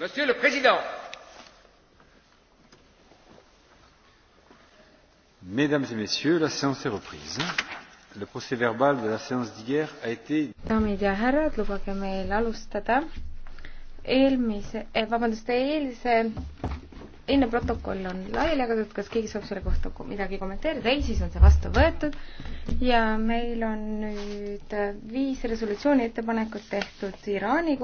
Monsieur le Président, Mesdames et Messieurs, la séance est reprise. Le procès verbal de la séance d'hier a été... Daamid ja härrad, lubage meil alustada eelmise, eh, vabandust, eilse, eilne protokoll on laiali jagatud, kas keegi saab selle kohta midagi kommenteerida, ei, siis on see vastu võetud ja meil on nüüd viis resolutsiooni ettepanekut tehtud Iraani